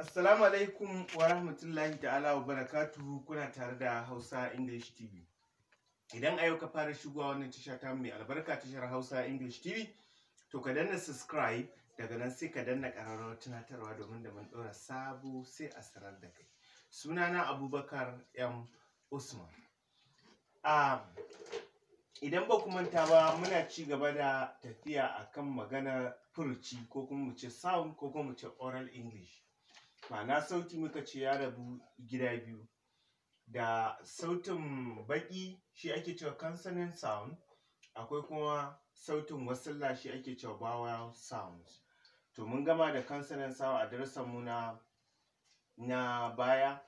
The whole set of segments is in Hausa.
Assalamu alaikum wa rahmatullahi ta'ala wa barakatuhu kuna tare da Hausa English TV. Idan a yau ka fara shigowa wannan tasha ta mai albarka tashar Hausa English TV, to ka danna subscribe daga nan sai ka danna ƙararrawar tunatarwa domin da mun ɗora sabo sai a sanar da kai. Sunana Abubakar M. Usman. Um, idan ba ku manta ba muna ci gaba da tafiya akan magana furuci ko kuma mu ce sound ko kuma mu ce oral English. ma'ana sauti muka ce ya rabu gida biyu da sautin baƙi shi ake cewa consonant sound akwai kuma sautin wasilla shi ake cewa vowel sounds to mun gama da consonant sound a darasan mu na na baya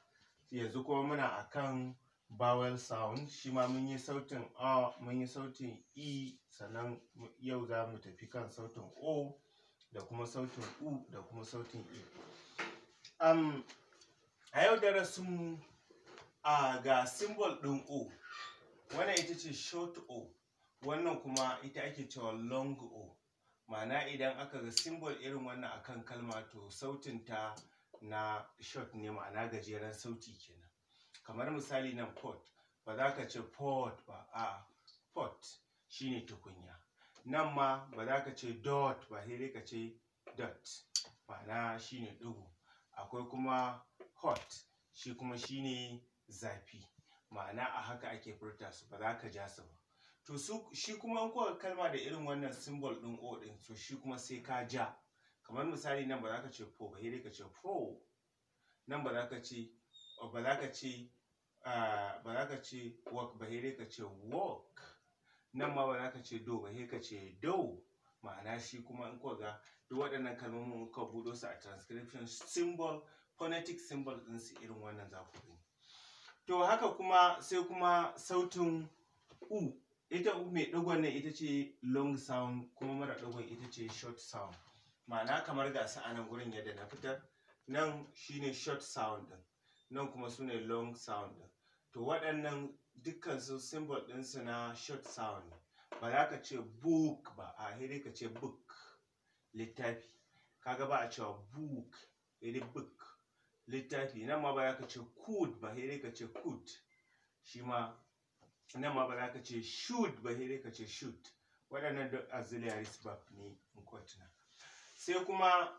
yanzu kuma muna akan vowel sound shi ma mun yi sautin a mun yi sautin e sannan yau za mu tafi kan sautin o da kuma sautin u da kuma sautin e Um, a yau mu, a ga symbol ɗin O. Wannan ita ce short O, wannan kuma ita ake cewa long O. Ma'ana idan aka ga symbol irin wannan akan kalma to sautin ta na short ne ma'ana gajeren sauti kenan. Kamar misali nan pot, ba za ka ce pot ba, a pot shine tukunya. Nan ma ba za ka ce dot ba, sai dai ka ce dot, ma'ana shine ɗigo. akwai kuma hot shi kuma shi ne zafi ma'ana a haka ake furta su ba za ka ja su ba to su shi kuma in kowa kalma da irin wannan simbol ɗin o ɗin to shi kuma sai ka ja kamar misali nan ba za ka ce po ba hiri ka ce pro nan ba za ka ce ba za ka ce ba za ka ce work ba hiri ka ce work nan ma ba za ka ce do ba hiri ka ce do ma'ana shi kuma in ga duk waɗannan kalmomin muka buɗo su a transcription symbol phonetic symbol su irin wannan za ku gani to haka kuma sai kuma sautin u ita u mai ɗigon nan ita ce long sound kuma mara ɗigon ita ce short sound ma'ana kamar ga su a gurin yadda na fitar nan shine short sound ɗin nan kuma su ne long sound ɗin to waɗannan dukkan su symbol ɗinsu na short sound ba za ka ce book ba a dai ka ce book littafi kaga ba a cewa book dai book littafi nan ma ba za ka ce could ba dai ka ce could shi ma nan ma ba za ka ce should ba dai ka ce should waɗannan da auxiliary verb ne in kwatuna sai kuma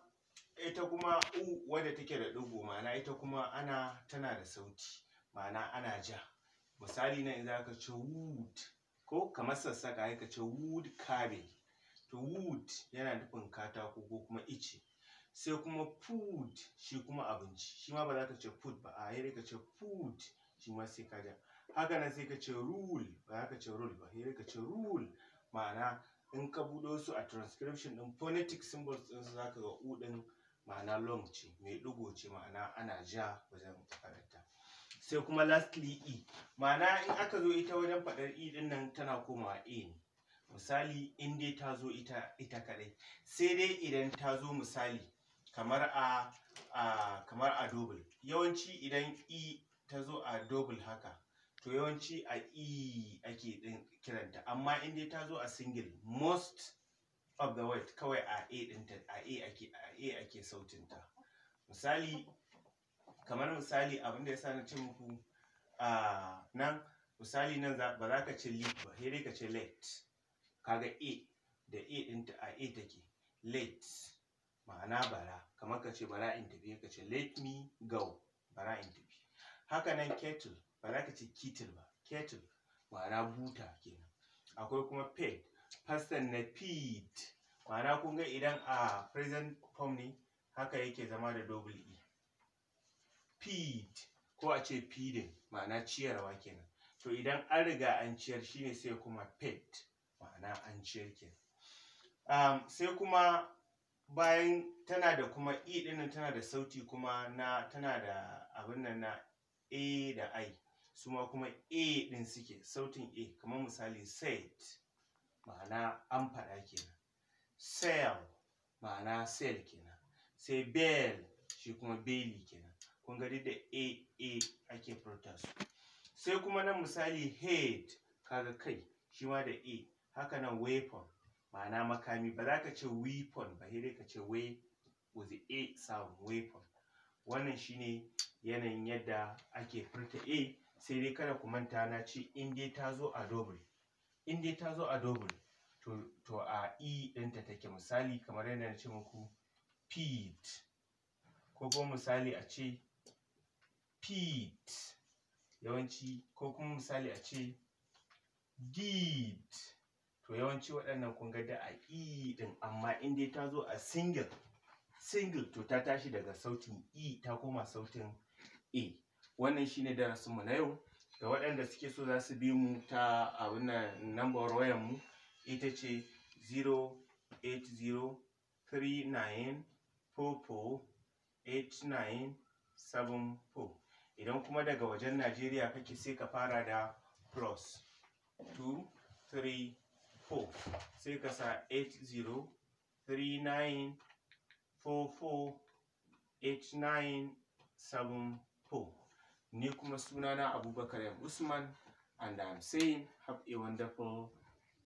ita kuma u wadda take da ɗigo ma'ana ita kuma ana tana da sauti ma'ana ana ja misali nan za ka ce wood ko kamar sassaka ya ce wood carving to wood yana nufin katako ko kuma ice sai kuma food shi kuma abinci shi ma ba za ka ce food ba a yare ka ce food shi ma sai ka ja haka na sai ka ce rule ba za ka ce rule ba yare ka ce rule ma'ana in ka buɗo su a transcription ɗin phonetic symbols ɗin zaka za ka ga u ɗin ma'ana long ce mai ɗigo ce ma'ana ana ja wajen karanta sai kuma lastly e ma'ana in aka zo ita wajen faɗar e din nan tana komawa a ne misali in dai ta zo ita ita kadai sai dai idan ta zo misali kamar a, a kamar a double yawanci idan e ta zo a double haka to yawanci a e ake din kiranta amma in dai ta zo a single most of the word kawai a a a a ake a a ake sautinta misali kamar misali abinda ya sa na ce muku a nan misali nan ba za ka ce leave ba sai dai ka ce late kaga a da a ɗinta a a take late ma'ana bara kamar ka ce bara in tafi ka ce let me go bara in tafi haka nan kettle ba za ka ce kettle ba kettle ma'ana buta kenan akwai kuma paid fastan na feed ma'ana kun ga idan a present form ne haka yake zama da double e feed ko a ce feeding ma'ana ciyarwa kenan to idan an riga an ciyar shine sai kuma pet ma'ana an ciyar kenan um, sai kuma bayan tana da kuma e nan tana da sauti kuma na tana da abin nan na a da i su ma kuma a din suke sautin a kamar misali said ma'ana an faɗa kenan sell ma'ana sell kenan sai bell shi kuma beli kenan kun gani da A ake furta su sai kuma nan misali head kaga kai shi ma da a haka nan weapon ma'ana makami ba za ka ce weapon ba sai ka ce way with the a sound weapon wannan shine yanayin yadda ake furta a sai dai kada ku manta na ce in dai ta zo a double in dai ta zo a double to, to a e ɗinta take misali kamar yadda na ce muku feed ko kuma misali a ce feet yawanci ko kuma misali a ce did to yawanci waɗannan kun ga da a e ɗin amma in dai ta zo a single single to ta tashi daga sautin e ta koma sautin A. wannan shine darasinmu na yau ga waɗanda suke so za su bi mu ta abin nan number wayan mu ita ce 08039448974 idan kuma daga wajen najeriya kake sai ka fara da plus 2 3 4 sai ka sa 80 ni kuma sunana abubakar usman and i'm saying have a wonderful